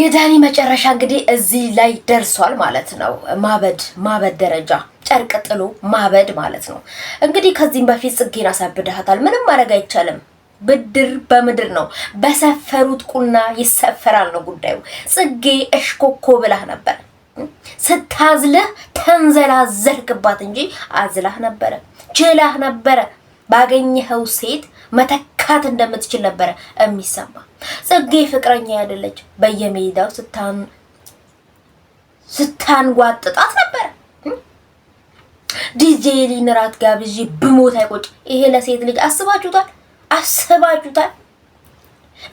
የዳኒ መጨረሻ እንግዲህ እዚህ ላይ ደርሷል ማለት ነው። ማበድ ማበድ ደረጃ ጨርቅ ጥሎ ማበድ ማለት ነው። እንግዲህ ከዚህም በፊት ጽጌን አሳብድሃታል። ምንም ማድረግ አይቻልም። ብድር በምድር ነው። በሰፈሩት ቁና ይሰፈራል ነው ጉዳዩ። ጽጌ እሽኮኮ ብላህ ነበር ስታዝለህ ተንዘላዘልክባት እንጂ አዝላህ ነበረ ችላህ ነበረ ባገኘኸው ሴት መተካት እንደምትችል ነበረ የሚሰማ። ጽጌ ፍቅረኛ ያደለች በየሜዳው ስታን ስታንጓጥጣት ነበረ። ዲጄ ሊን ራት ጋብዤ ብሞት አይቆጭ። ይሄ ለሴት ልጅ አስባችሁታል? አስባችሁታል?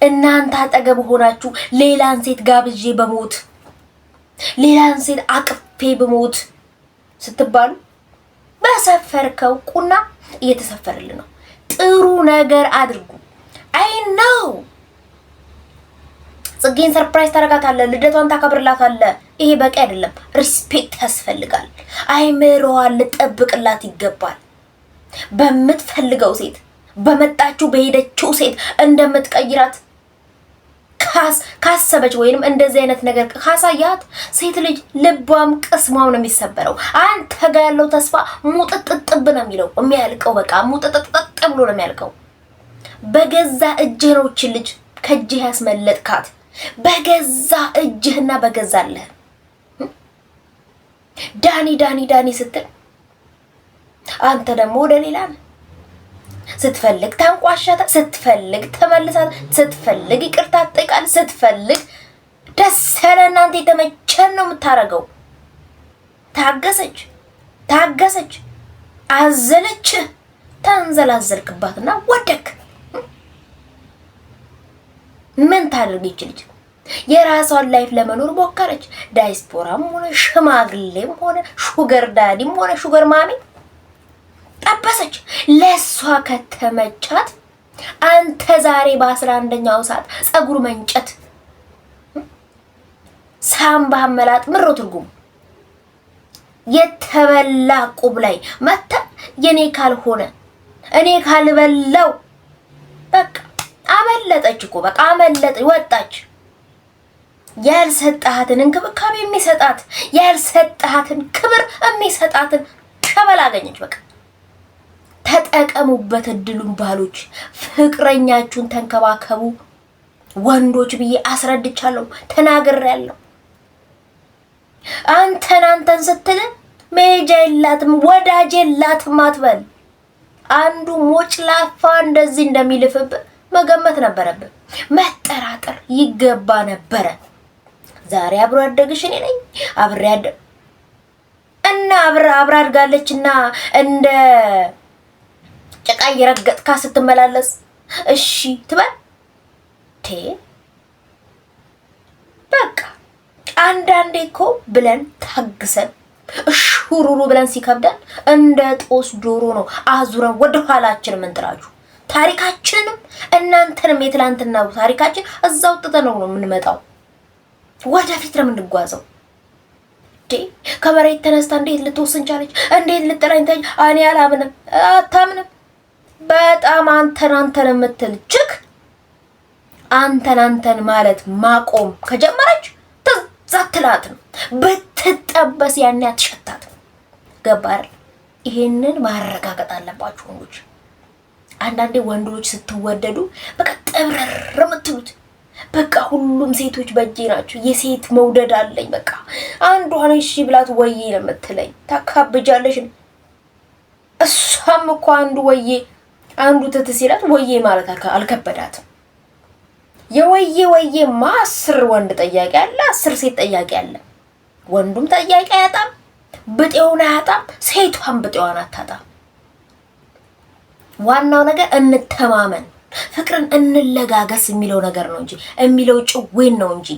እናንተ አጠገብ ሆናችሁ ሌላን ሴት ጋብዤ በሞት ሌላን ሴት አቅፌ በሞት ስትባሉ ያሰፈርከው ቁና እየተሰፈረልን ነው። ጥሩ ነገር አድርጉ። አይ ነው ጽጌን ሰርፕራይዝ ታደርጋታለህ፣ ልደቷን ታከብርላታለህ። ይሄ በቂ አይደለም። ሪስፔክት ያስፈልጋል። አይምሮዋን ልጠብቅላት ይገባል። በምትፈልገው ሴት በመጣችው በሄደችው ሴት እንደምትቀይራት ካሰበች ወይንም እንደዚህ አይነት ነገር ካሳያት ሴት ልጅ ልቧም ቅስሟም ነው የሚሰበረው። አንተ ጋ ያለው ተስፋ ሙጥጥጥብ ነው የሚለው የሚያልቀው። በቃ ሙጥጥጥጥ ብሎ ነው የሚያልቀው። በገዛ እጅህ ነው እቺ ልጅ ከእጅህ ያስመለጥካት። በገዛ እጅህና በገዛ ዳኒ ዳኒ ዳኒ ስትል አንተ ደግሞ ወደ ሌላ ነው ስትፈልግ ታንቋሻታ፣ ስትፈልግ ተመልሳት፣ ስትፈልግ ይቅርታ ትጠይቃል፣ ስትፈልግ ደስ ያለ እናንተ የተመቸን ነው የምታደርገው። ታገሰች ታገሰች፣ አዘለች፣ ተንዘላዘልክባትና ወደክ። ምን ታደርግ ይችልች? የራሷን ላይፍ ለመኖር ሞከረች። ዳይስፖራም ሆነ ሽማግሌም ሆነ ሹገር ዳዲም ሆነ ሹገር ማሚ ጠበሰች። ለእሷ ከተመቻት አንተ ዛሬ በአስራ አንደኛው ሰዓት ፀጉር መንጨት ሳምባ መላጥ ምሮ ትርጉም የተበላ ቁብ ላይ መተ የኔ ካልሆነ እኔ ካልበላው በቃ አመለጠች እኮ በቃ አመለጠ ወጣች። ያልሰጣሃትን እንክብካቤ የሚሰጣት ያልሰጣሃትን ክብር የሚሰጣትን ሸበላ አገኘች በቃ። ተጠቀሙበት እድሉን። ባሎች ፍቅረኛችሁን ተንከባከቡ ወንዶች ብዬ አስረድቻለሁ፣ ተናግሬያለሁ። አንተን አንተን ስትል መሄጃ የላትም ወዳጅ የላትም አትበል። አንዱ ሞጭላፋ እንደዚህ እንደሚልፍብ መገመት ነበረብ መጠራጠር ይገባ ነበረ። ዛሬ አብሮ አደግሽ እኔ ነኝ አብሬ እና አብራ አድጋለች እና እንደ ጭቃ እየረገጥካ ስትመላለስ እሺ ትበል። ቴ በቃ አንዳንዴ እኮ ብለን ታግሰን እሹሩሩ ብለን ሲከብደን እንደ ጦስ ዶሮ ነው አዙረን ወደ ኋላችን የምንጥላችሁ። ታሪካችንም እናንተንም የትላንትና ታሪካችን እዛው ጥተነው ነው የምንመጣው። ወደፊት ነው የምንጓዘው። ከመሬት ተነስታ እንዴት ልትወስን ቻለች? እንዴት ልትጠራኝ? እኔ አላምንም፣ አታምንም በጣም አንተን አንተን የምትል ችክ አንተን አንተን ማለት ማቆም ከጀመረች ትዝ አትላት ነው። ብትጠበስ ያን ያትሸታት ገባር። ይሄንን ማረጋገጥ አለባችሁ ወንዶች። አንዳንዴ ወንዶች ስትወደዱ በቃ ጥብረር የምትሉት በቃ ሁሉም ሴቶች በእጄ ናቸው፣ የሴት መውደድ አለኝ፣ በቃ አንዷ ነሽ እሺ ብላት ወይ ነው የምትለኝ። ታካብጃለሽ። እሷም እኮ አንዱ ወዬ አንዱ ትትሲላት ወዬ ማለት አልከበዳትም። የወዬ ወዬማ አስር ወንድ ጠያቂ አለ፣ አስር ሴት ጠያቂ አለ። ወንዱም ጠያቂ አያጣም፣ ብጤውን አያጣም፣ ሴቷን ብጤዋን አታጣም። ዋናው ነገር እንተማመን፣ ፍቅርን እንለጋገስ የሚለው ነገር ነው እንጂ የሚለው ጭዌን ነው እንጂ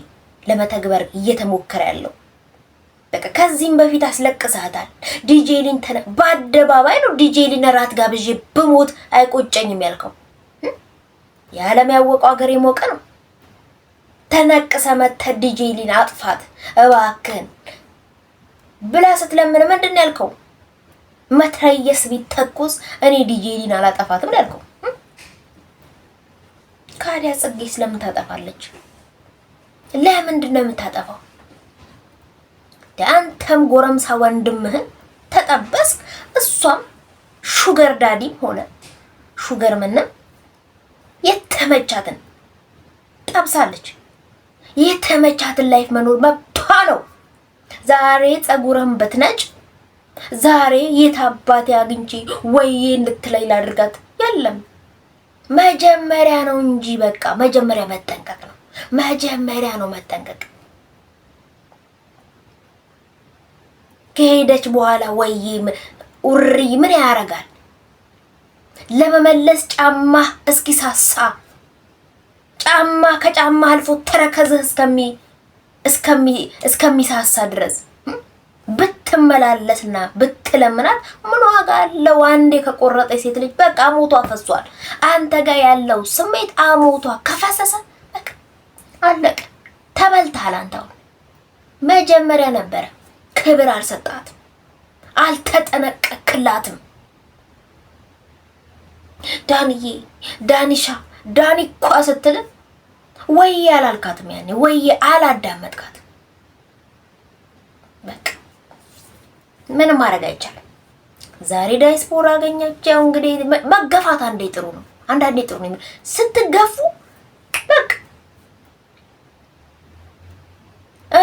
ለመተግበር እየተሞከረ ያለው አለቀ። ከዚህም በፊት አስለቅሳታል። ዲጄሊን ተነ በአደባባይ ነው ዲጄሊን እራት ጋብዤ ብሞት አይቆጨኝም ያልከው የዓለም ያወቀው ሀገር የሞቀ ነው። ተነቅሰ መተ ዲጄሊን አጥፋት እባክህን ብላ ስትለምን ምንድን ነው ያልከው? መትረየስ ቢተኩስ እኔ ዲጄሊን አላጠፋትም ያልከው። ካዲያ ጽጌ ስለምን ታጠፋለች? ለምንድን ነው የምታጠፋው? አንተም ጎረምሳ ወንድምህን ተጠበስክ፣ እሷም ሹገር ዳዲም ሆነ ሹገር ምንም የተመቻትን ጠብሳለች። የተመቻትን ላይፍ መኖር መብቷ ነው። ዛሬ ጸጉርህን ብትነጭ ዛሬ የት አባቴ አግኝቼ ወይዬ እንድትለይ ላድርጋት። የለም መጀመሪያ ነው እንጂ በቃ መጀመሪያ መጠንቀቅ ነው። መጀመሪያ ነው መጠንቀቅ ከሄደች በኋላ ወይ ውሪ ምን ያረጋል? ለመመለስ ጫማ እስኪሳሳ ጫማ ከጫማ አልፎ ተረከዝህ እስከሚሳሳ ድረስ ብትመላለስና ብትለምናት ምን ዋጋ አለው? አንዴ ከቆረጠ ሴት ልጅ በቃ አሞቷ ፈሷል። አንተ ጋር ያለው ስሜት አሞቷ ከፈሰሰ በቃ አለቀ፣ ተበልተሃል። አንተው መጀመሪያ ነበረ ክብር አልሰጣትም፣ አልተጠነቀክላትም። ዳንዬ ዳኒሻ ዳኒ እኳ ስትል ወዬ አላልካትም። ያኔ ወዬ አላዳመጥካትም። በቃ ምንም ማድረግ አይቻልም። ዛሬ ዳይስፖር አገኛቸው። እንግዲህ መገፋት አንዴ ጥሩ ነው፣ አንዳንዴ ጥሩ ነው። ስትገፉ በቃ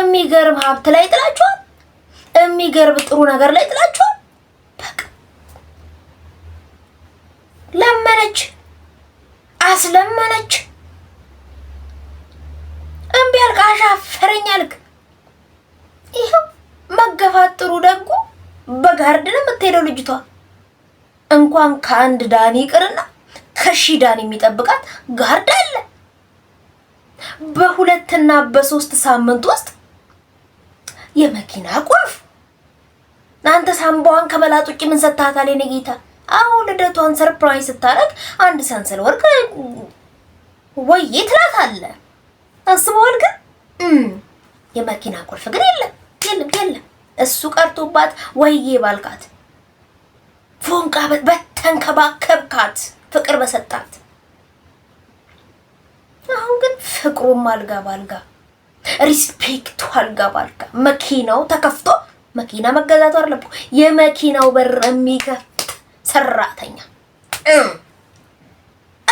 የሚገርም ሀብት ላይ ጥላችኋል። የሚገርም ጥሩ ነገር ላይ ጥላችኋል። በቃ ለመነች፣ አስለመነች። እምቢ አልክ፣ አሻፈረኝ አልክ። ይኸው መገፋት ጥሩ ደጉ በጋርድ ነው የምትሄደው ልጅቷ። እንኳን ከአንድ ዳኒ ይቅርና ከሺ ዳኒ የሚጠብቃት ጋርድ አለ። በሁለትና በሶስት ሳምንት ውስጥ የመኪና ቁልፍ አንተ ሳምባዋን ከበላጡቂ ምን ሰታታል? የኔ ጌታ አሁ ልደቷን ሰርፕራይዝ ስታረግ አንድ ሰንሰል ወርቅ ወይዬ አለ አስበዋል ግን የመኪና ቁልፍ ግን የለም የለም የለም። እሱ ቀርቶባት ወይዬ ባልካት ፎንቃ በተንከባከብካት ፍቅር በሰጣት። አሁን ግን ፍቅሩም አልጋ ባልጋ ሪስፔክቱ አልጋ ባልጋ መኪናው ተከፍቶ መኪና መገዛቱ አለብኩ። የመኪናው በር የሚከፍት ሰራተኛ።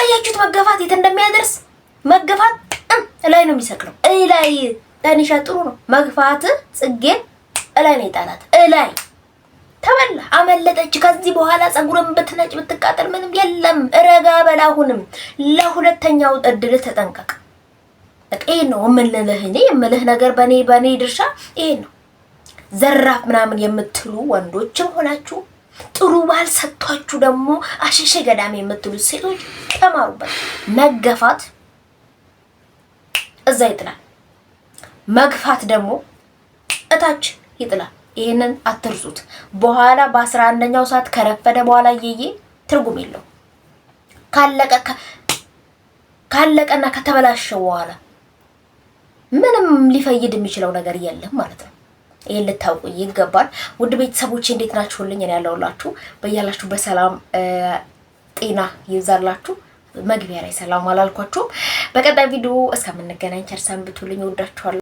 አያችሁት መገፋት የት እንደሚያደርስ። መገፋት ላይ ነው የሚሰቅለው። እላይ ዳኒሻ፣ ጥሩ ነው መግፋት። ጽጌ እላይ ነው የጣላት። እላይ ተበላ፣ አመለጠች። ከዚህ በኋላ ጸጉርን ብትነጭ ብትቃጠል ምንም የለም። ረጋ በል። አሁንም ለሁለተኛው እድል ተጠንቀቅ። ይሄን ነው የምልህ እኔ የምልህ ነገር በኔ በኔ ድርሻ ይሄን ነው። ዘራፍ ምናምን የምትሉ ወንዶችም ሆናችሁ ጥሩ ባል ሰጥቷችሁ ደግሞ አሸሸ ገዳም የምትሉ ሴቶች ተማሩበት። መገፋት እዛ ይጥላል፣ መግፋት ደግሞ እታች ይጥላል። ይህንን አትርሱት። በኋላ በአስራ አንደኛው ሰዓት ከረፈደ በኋላ እየዬ ትርጉም የለው ካለቀ ካለቀና ከተበላሸው በኋላ ምንም ሊፈይድ የሚችለው ነገር የለም ማለት ነው። ይህን ልታውቁ ይገባል። ውድ ቤተሰቦች እንዴት ናችሁልኝ? እኔ ያለውላችሁ በያላችሁ በሰላም ጤና ይብዛላችሁ። መግቢያ ላይ ሰላም አላልኳችሁም። በቀጣይ ቪዲዮ እስከምንገናኝ ቸር ሰንብቱልኝ። እወዳችኋለሁ።